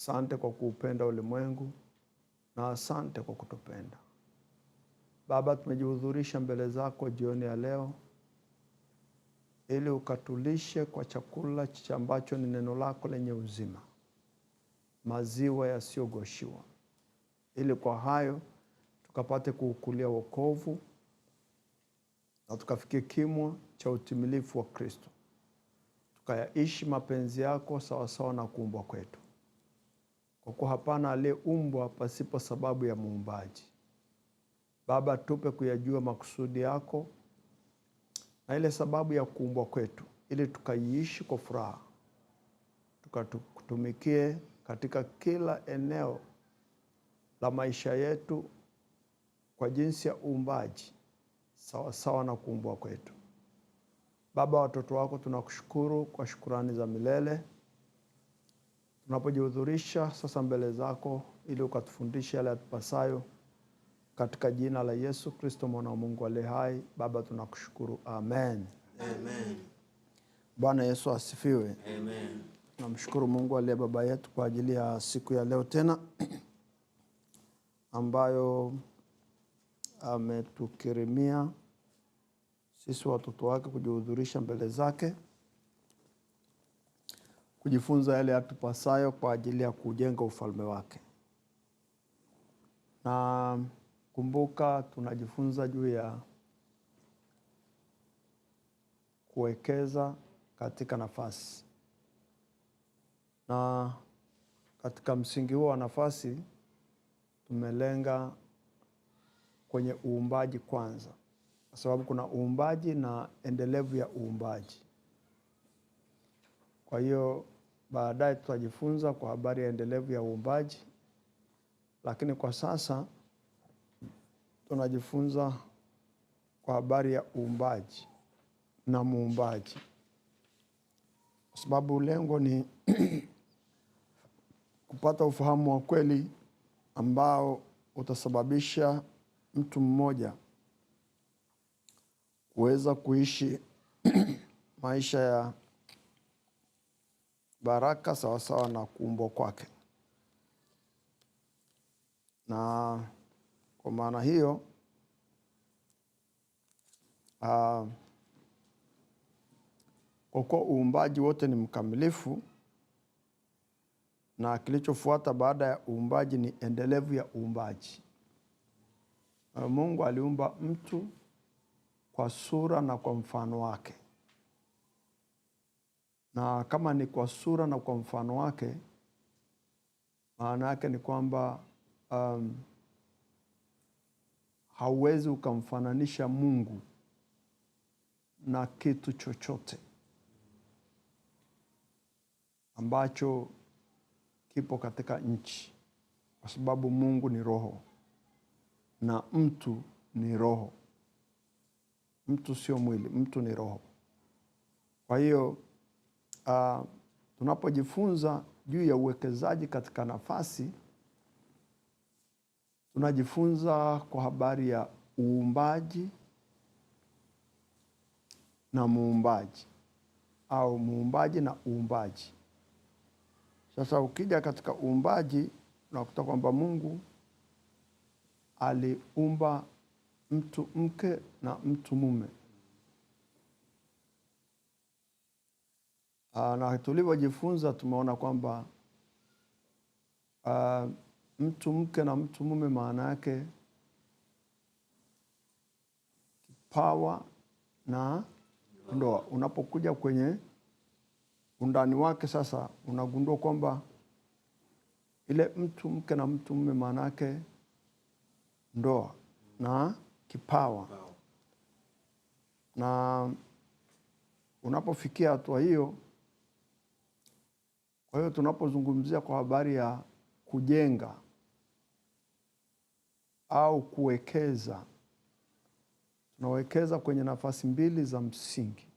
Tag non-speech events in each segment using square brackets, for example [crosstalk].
Asante kwa kuupenda ulimwengu na asante kwa kutupenda Baba. Tumejihudhurisha mbele zako jioni ya leo ili ukatulishe kwa chakula ambacho ni neno lako lenye uzima, maziwa yasiyogoshiwa, ili kwa hayo tukapate kuukulia wokovu na tukafikie kimo cha utimilifu wa Kristo, tukayaishi mapenzi yako sawasawa na kuumbwa kwetu kwa kuwa hapana aliyeumbwa pasipo sababu ya muumbaji. Baba, tupe kuyajua makusudi yako na ile sababu ya kuumbwa kwetu, ili tukaiishi kwa furaha, tukakutumikie katika kila eneo la maisha yetu kwa jinsi ya uumbaji sawasawa na kuumbwa kwetu. Baba, watoto wako tunakushukuru kwa shukurani za milele tunapojihudhurisha sasa mbele zako ili ukatufundishe yale yatupasayo katika jina la Yesu Kristo mwana wa Mungu aliye hai. Baba tunakushukuru, amen, amen. Bwana Yesu asifiwe, amen. Tunamshukuru Mungu aliye baba yetu kwa ajili ya siku ya leo tena ambayo ametukirimia sisi watoto wake kujihudhurisha mbele zake kujifunza yale yatupasayo kwa ajili ya kujenga ufalme wake. Na kumbuka, tunajifunza juu ya kuwekeza katika nafasi, na katika msingi huo wa nafasi tumelenga kwenye uumbaji kwanza, kwa sababu kuna uumbaji na endelevu ya uumbaji. Kwa hiyo Baadaye tutajifunza kwa habari ya endelevu ya uumbaji, lakini kwa sasa tunajifunza kwa habari ya uumbaji na muumbaji, kwa sababu lengo ni [clears throat] kupata ufahamu wa kweli ambao utasababisha mtu mmoja kuweza kuishi [clears throat] maisha ya baraka sawasawa na kuumbwa kwake. Na kwa maana hiyo ah, kwa kuwa uumbaji wote ni mkamilifu na kilichofuata baada ya uumbaji ni endelevu ya uumbaji. Ah, Mungu aliumba mtu kwa sura na kwa mfano wake na kama ni kwa sura na kwa mfano wake, maana yake ni kwamba um, hauwezi ukamfananisha Mungu na kitu chochote ambacho kipo katika nchi, kwa sababu Mungu ni roho na mtu ni roho. Mtu sio mwili, mtu ni roho. Kwa hiyo uh, tunapojifunza juu ya uwekezaji katika nafasi, tunajifunza kwa habari ya uumbaji na muumbaji au muumbaji na uumbaji. Sasa ukija katika uumbaji, unakuta kwamba Mungu aliumba mtu mke na mtu mume. Uh, na tulivyojifunza tumeona kwamba uh, mtu mke na mtu mume maana yake kipawa na ndoa. Unapokuja kwenye undani wake sasa, unagundua kwamba ile mtu mke na mtu mume maana yake ndoa na kipawa, na unapofikia hatua hiyo kwa hiyo tunapozungumzia kwa habari ya kujenga au kuwekeza, tunawekeza kwenye nafasi mbili za msingi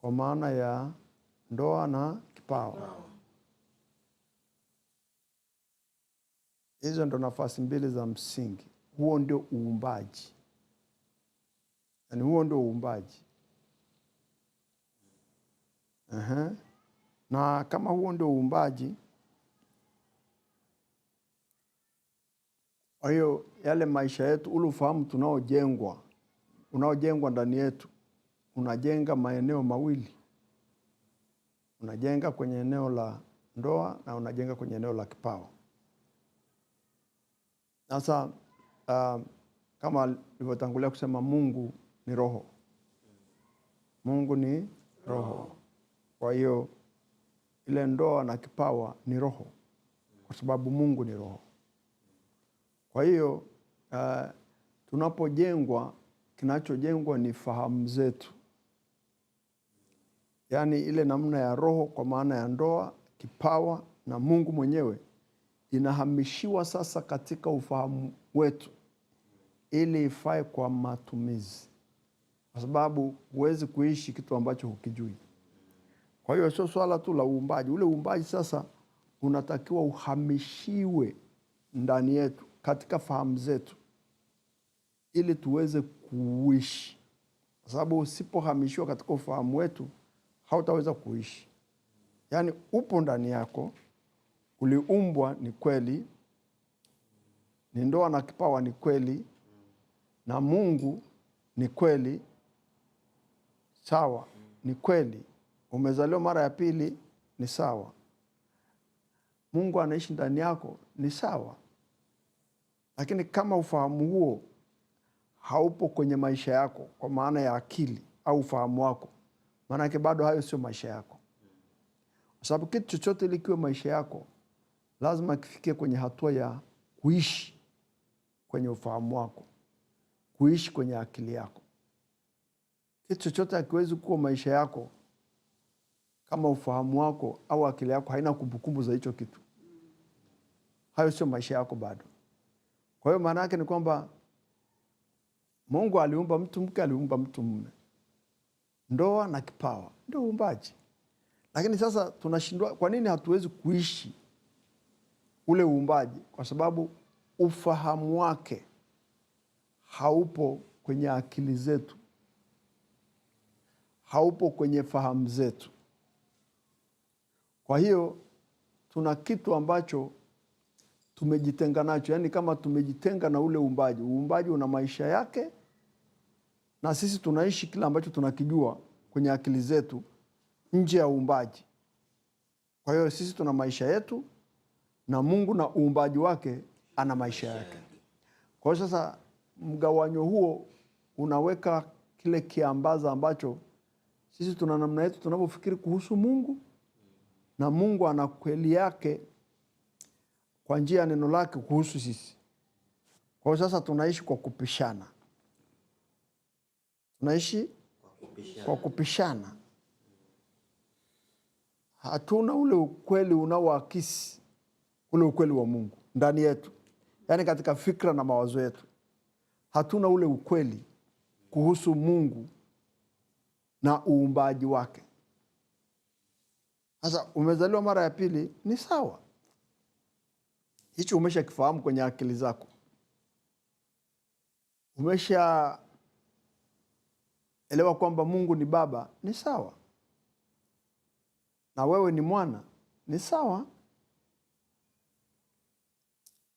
kwa maana ya ndoa na kipawa. Hizo ndo nafasi mbili za msingi. Huo ndio uumbaji, yaani huo ndio uumbaji. uh -huh na kama huo ndio uumbaji, kwa hiyo yale maisha yetu, ule ufahamu tunaojengwa unaojengwa ndani yetu unajenga maeneo mawili, unajenga kwenye eneo la ndoa na unajenga kwenye eneo la kipawa. Sasa uh, kama nilivyotangulia kusema, Mungu ni roho, Mungu ni roho, kwa hiyo ile ndoa na kipawa ni roho, kwa sababu Mungu ni roho. Kwa hiyo uh, tunapojengwa, kinachojengwa ni fahamu zetu, yaani ile namna ya roho, kwa maana ya ndoa, kipawa na Mungu mwenyewe inahamishiwa sasa katika ufahamu wetu ili ifae kwa matumizi, kwa sababu huwezi kuishi kitu ambacho hukijui. Kwa hiyo sio swala tu la uumbaji. Ule uumbaji sasa unatakiwa uhamishiwe ndani yetu, katika fahamu zetu, ili tuweze kuishi, kwa sababu usipohamishiwa katika ufahamu wetu hautaweza kuishi. Yaani upo ndani yako, uliumbwa, ni kweli, ni ndoa na kipawa, ni kweli, na Mungu ni kweli, sawa, ni kweli umezaliwa mara ya pili ni sawa, Mungu anaishi ndani yako ni sawa, lakini kama ufahamu huo haupo kwenye maisha yako kwa maana ya akili au ufahamu wako, maanake bado hayo sio maisha yako, kwa sababu kitu chochote ili kiwe maisha yako lazima kifikie kwenye hatua ya kuishi kwenye ufahamu wako, kuishi kwenye akili yako. Kitu chochote hakiwezi kuwa maisha yako kama ufahamu wako au akili yako haina kumbukumbu za hicho kitu, hayo sio maisha yako bado. Kwa hiyo maana yake ni kwamba Mungu aliumba mtu mke, aliumba mtu mume, ndoa na kipawa, ndio uumbaji. Lakini sasa tunashindwa, kwa nini hatuwezi kuishi ule uumbaji? Kwa sababu ufahamu wake haupo kwenye akili zetu, haupo kwenye fahamu zetu. Kwa hiyo tuna kitu ambacho tumejitenga nacho, yaani kama tumejitenga na ule uumbaji. Uumbaji una maisha yake, na sisi tunaishi kile ambacho tunakijua kwenye akili zetu nje ya uumbaji. Kwa hiyo sisi tuna maisha yetu na Mungu na uumbaji wake ana maisha yake. Kwa hiyo sasa, mgawanyo huo unaweka kile kiambaza ambacho sisi tuna namna yetu tunavyofikiri kuhusu Mungu na Mungu ana kweli yake kwa njia ya neno lake kuhusu sisi. Kwa hiyo sasa tunaishi kwa kupishana, tunaishi kwa kupishana, hatuna ule ukweli unaoakisi ule ukweli wa Mungu ndani yetu, yaani katika fikra na mawazo yetu hatuna ule ukweli kuhusu Mungu na uumbaji wake. Sasa umezaliwa mara ya pili, ni sawa, hicho umeshakifahamu kwenye akili zako, umeshaelewa kwamba Mungu ni Baba, ni sawa, na wewe ni mwana, ni sawa.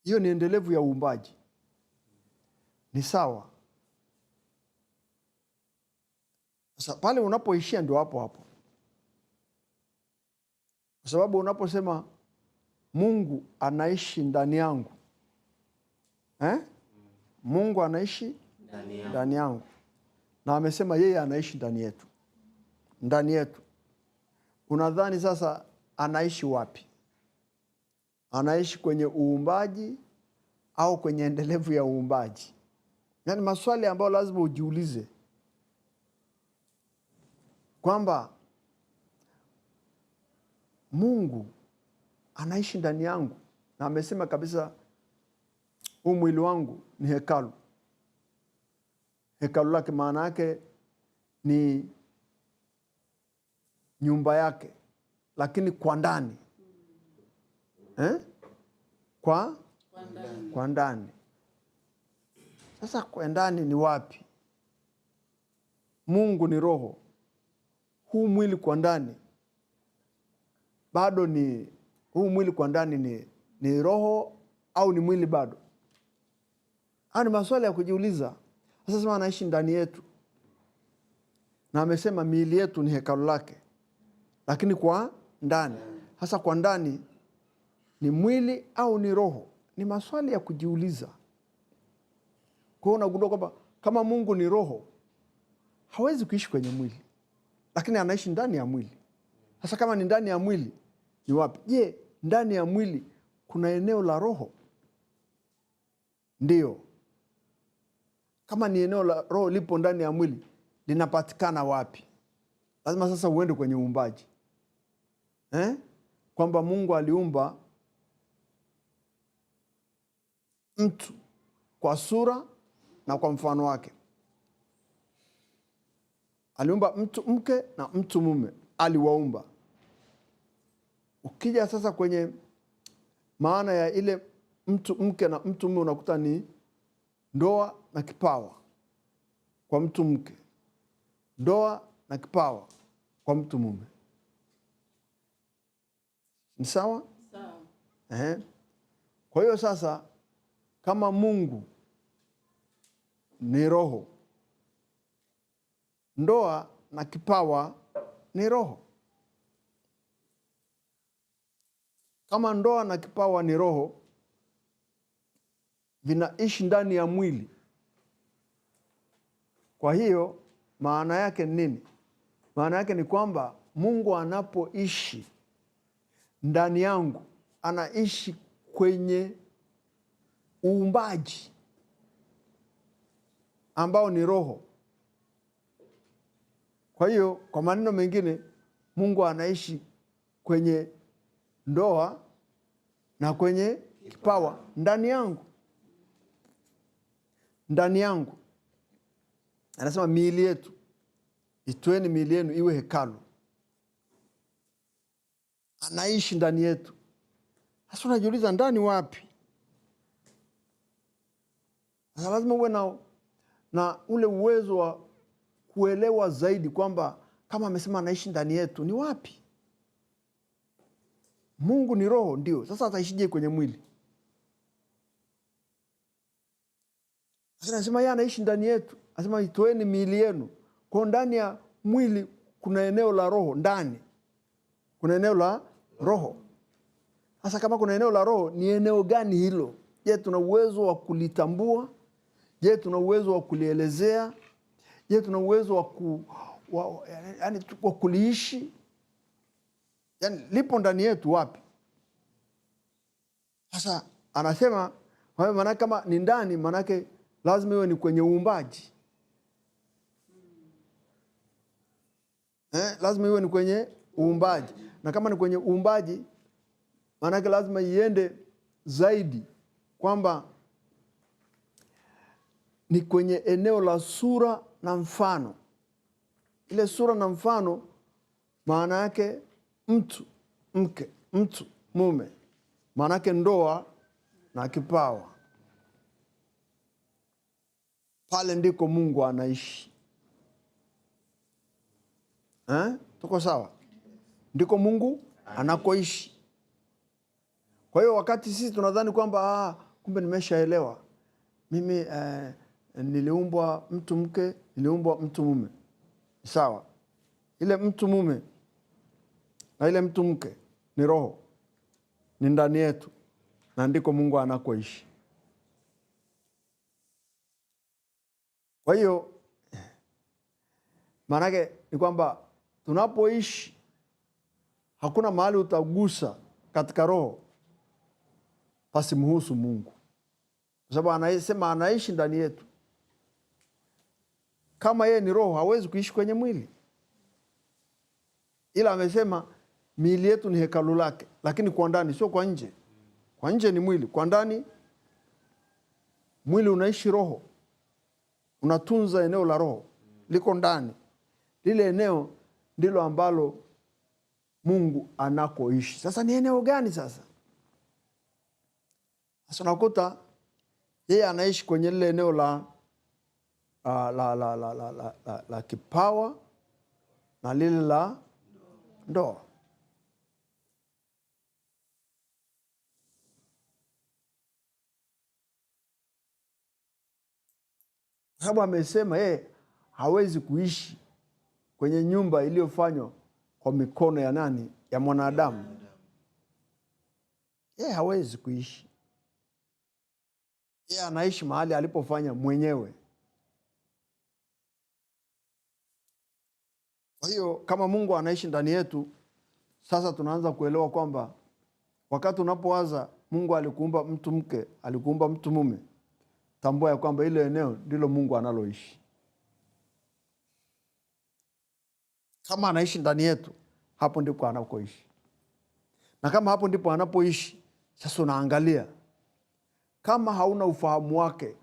Hiyo ni endelevu ya uumbaji, ni sawa. Sasa pale unapoishia ndio hapo hapo kwa sababu unaposema Mungu anaishi ndani yangu eh? Mungu anaishi ndani yangu, na amesema yeye anaishi ndani yetu, ndani yetu. Unadhani sasa anaishi wapi? Anaishi kwenye uumbaji au kwenye endelevu ya uumbaji? Yaani maswali ambayo lazima ujiulize kwamba Mungu anaishi ndani yangu, na amesema kabisa huu mwili wangu ni hekalu, hekalu lake, maana yake ni nyumba yake, lakini kwa ndani eh? kwa kwa ndani. Sasa kwa ndani ni wapi? Mungu ni roho, huu mwili kwa ndani bado ni huu mwili kwa ndani ni, ni roho au ni mwili bado? Haya ni maswali ya kujiuliza. Sasa sema anaishi ndani yetu, na amesema miili yetu ni hekalu lake, lakini kwa ndani hasa kwa ndani ni mwili au ni roho? Ni maswali ya kujiuliza. Kwa hiyo unagundua kwamba kama Mungu ni roho, hawezi kuishi kwenye mwili, lakini anaishi ndani ya mwili. Sasa kama ni ndani ya mwili ni wapi? Je, ndani ya mwili kuna eneo la roho? ndio Kama ni eneo la roho lipo ndani ya mwili, linapatikana wapi? Lazima sasa uende kwenye uumbaji eh? Kwamba Mungu aliumba mtu kwa sura na kwa mfano wake, aliumba mtu mke na mtu mume aliwaumba. Ukija sasa kwenye maana ya ile mtu mke na mtu mume, unakuta ni ndoa na kipawa kwa mtu mke, ndoa na kipawa kwa mtu mume. Ni sawa sawa. Eh, kwa hiyo sasa, kama Mungu ni roho, ndoa na kipawa ni roho. Kama ndoa na kipawa ni roho, vinaishi ndani ya mwili. Kwa hiyo maana yake ni nini? Maana yake ni kwamba Mungu anapoishi ndani yangu, anaishi kwenye uumbaji ambao ni roho. Kwa hiyo kwa maneno mengine, Mungu anaishi kwenye ndoa na kwenye kipawa ndani yangu, ndani yangu. Anasema miili yetu, itweni miili yenu iwe hekalu. Anaishi ndani yetu. Hasa unajiuliza ndani wapi? Sasa lazima uwe na, na ule uwezo wa kuelewa zaidi kwamba kama amesema anaishi ndani yetu ni wapi? Mungu ni roho, ndio. Sasa ataishije kwenye mwili? Anasema yeye anaishi ndani yetu, anasema itoeni miili yenu. Kwa ndani ya mwili kuna eneo la roho, ndani kuna eneo la roho. Sasa kama kuna eneo la roho, ni eneo gani hilo? Je, tuna uwezo wa kulitambua? Je, tuna uwezo wa kulielezea? Je, tuna uwezo wa, ku, wa, yani, wa kuliishi? yani lipo ndani yetu wapi? Sasa anasema maanake, kama ni ndani, maanake lazima iwe ni kwenye uumbaji eh, lazima iwe ni kwenye uumbaji, na kama ni kwenye uumbaji, maanake lazima iende zaidi kwamba ni kwenye eneo la sura na mfano. Ile sura na mfano maana yake mtu mke, mtu mume, maanake ndoa na kipawa. Pale ndiko Mungu anaishi eh? Tuko sawa? Ndiko Mungu anakoishi. Kwa hiyo wakati sisi tunadhani kwamba ah, kumbe nimeshaelewa mimi eh, niliumbwa mtu mke, niliumbwa mtu mume. Sawa, ile mtu mume na ile mtu mke ni roho, ni ndani yetu, na ndiko Mungu anakoishi. Kwa hiyo maanake ni kwamba tunapoishi hakuna mahali utagusa katika roho mhusu Mungu, kwa sababu anasema anaishi ndani yetu. Kama yeye ni roho, hawezi kuishi kwenye mwili, ila amesema miili yetu ni hekalu lake, lakini kwa ndani, sio kwa nje. Kwa nje ni mwili, kwa ndani mwili unaishi roho, unatunza eneo la roho liko ndani. Lile eneo ndilo ambalo Mungu anakoishi. Sasa ni eneo gani? Sasa sasa unakuta yeye anaishi kwenye lile eneo la, la, la, la, la, la, la, la, la kipawa na lile la ndoa sababu amesema yeye hawezi kuishi kwenye nyumba iliyofanywa kwa mikono ya nani? Ya mwanadamu. Yeye hawezi kuishi, yeye anaishi mahali alipofanya mwenyewe. Kwa hiyo kama Mungu anaishi ndani yetu, sasa tunaanza kuelewa kwamba wakati unapowaza Mungu alikuumba mtu mke, alikuumba mtu mume tambua ya kwamba ile eneo ndilo Mungu analoishi. Kama anaishi ndani yetu, hapo ndipo anakoishi, na kama hapo ndipo anapoishi, sasa unaangalia kama hauna ufahamu wake,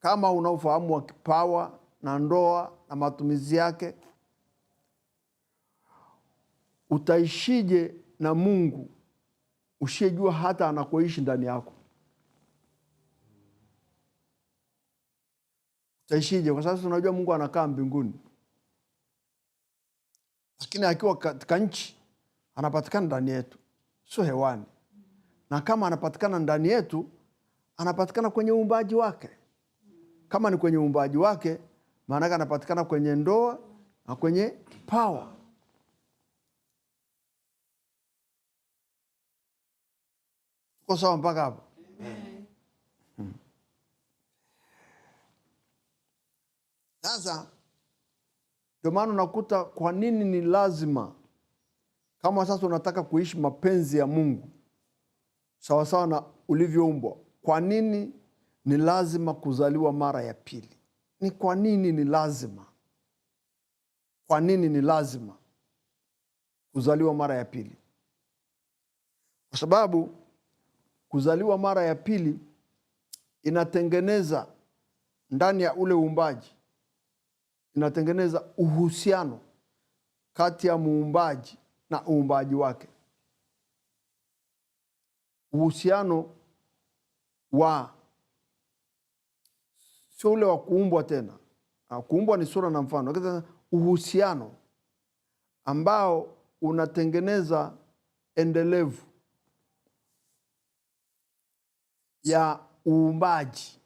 kama una ufahamu wa kipawa na ndoa na matumizi yake, utaishije na Mungu usiyejua hata anakoishi ndani yako? taishije? Kwa sababu unajua Mungu anakaa mbinguni, lakini akiwa katika nchi anapatikana ndani yetu, sio hewani. Na kama anapatikana ndani yetu, anapatikana kwenye uumbaji wake. Kama ni kwenye uumbaji wake, maanake anapatikana kwenye ndoa na kwenye kipawa tuko sawa mpaka hapo? Sasa ndio maana unakuta kwa nini ni lazima, kama sasa unataka kuishi mapenzi ya Mungu sawasawa na ulivyoumbwa, kwa nini ni lazima kuzaliwa mara ya pili? Ni kwa nini ni lazima, kwa nini ni lazima kuzaliwa mara ya pili? Kwa sababu kuzaliwa mara ya pili inatengeneza ndani ya ule uumbaji inatengeneza uhusiano kati ya muumbaji na uumbaji wake, uhusiano wa sio ule wa kuumbwa tena. Ah, kuumbwa ni sura na mfano, uhusiano ambao unatengeneza endelevu ya uumbaji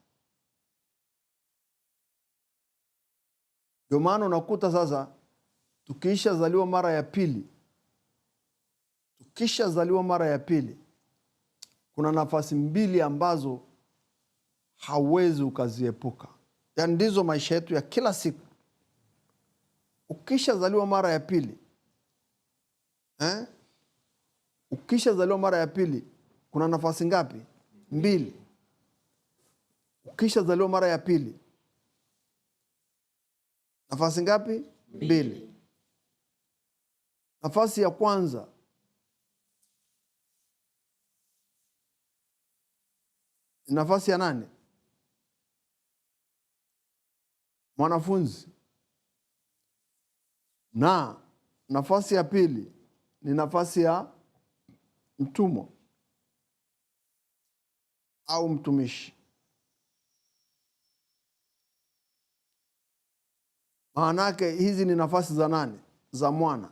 Ndio maana unakuta sasa tukishazaliwa mara ya pili, tukishazaliwa mara ya pili, kuna nafasi mbili ambazo hauwezi ukaziepuka, yaani ndizo maisha yetu ya kila siku. Ukishazaliwa mara ya pili eh? Ukishazaliwa mara ya pili kuna nafasi ngapi? Mbili. Ukishazaliwa mara ya pili Nafasi ngapi? Mbili. Nafasi ya kwanza nafasi ya nani? Mwanafunzi. Na nafasi ya pili ni nafasi ya mtumwa au mtumishi. Maanake hizi ni nafasi za nani? Za mwana.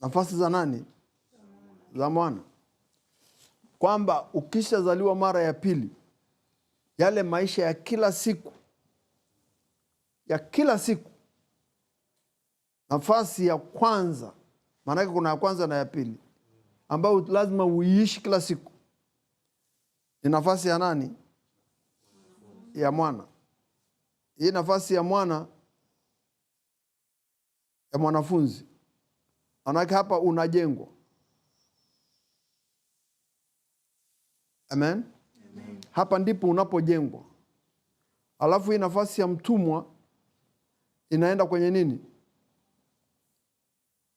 Nafasi za nani? Za mwana, kwamba ukishazaliwa mara ya pili, yale maisha ya kila siku ya kila siku, nafasi ya kwanza, maanake kuna ya kwanza na ya pili, ambayo lazima uiishi kila siku ni nafasi ya nani? Ya mwana. Hii nafasi ya mwana ya mwanafunzi, manake hapa unajengwa. Amen, amen. Hapa ndipo unapojengwa, alafu hii nafasi ya mtumwa inaenda kwenye nini?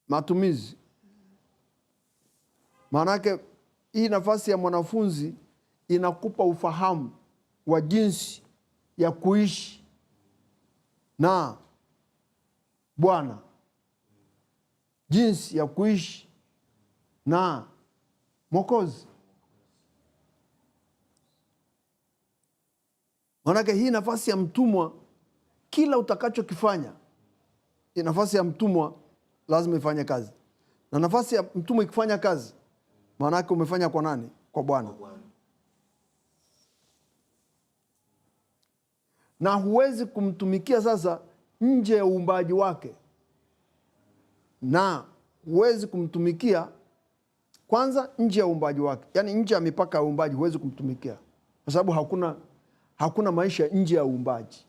Matumizi. Maanake hii nafasi ya mwanafunzi inakupa ufahamu wa jinsi ya kuishi na Bwana, jinsi ya kuishi na Mwokozi. Maanake hii nafasi ya mtumwa, kila utakachokifanya, nafasi ya mtumwa lazima ifanye kazi, na nafasi ya mtumwa ikifanya kazi, maanake umefanya kwa nani? Kwa Bwana. na huwezi kumtumikia sasa nje ya uumbaji wake, na huwezi kumtumikia kwanza nje ya uumbaji wake, yaani nje ya mipaka ya uumbaji huwezi kumtumikia, kwa sababu hakuna, hakuna maisha nje ya uumbaji,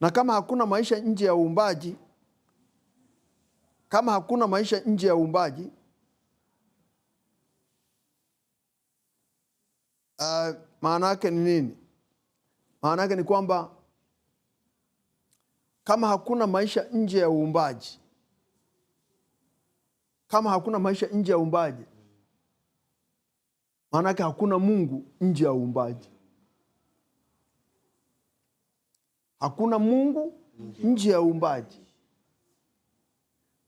na kama hakuna maisha nje ya uumbaji kama hakuna maisha nje ya uumbaji uh, maana yake ni nini? Maana yake ni kwamba kama hakuna maisha nje ya uumbaji, kama hakuna maisha nje ya uumbaji, maana yake hakuna Mungu nje ya uumbaji. Hakuna Mungu nje ya uumbaji,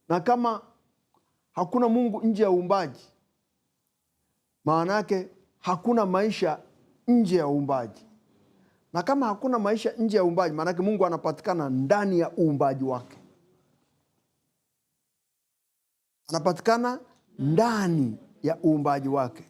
na kama hakuna Mungu nje ya uumbaji, maana yake hakuna maisha nje ya uumbaji na kama hakuna maisha nje ya uumbaji, maanake Mungu anapatikana ndani ya uumbaji wake, anapatikana ndani ya uumbaji wake.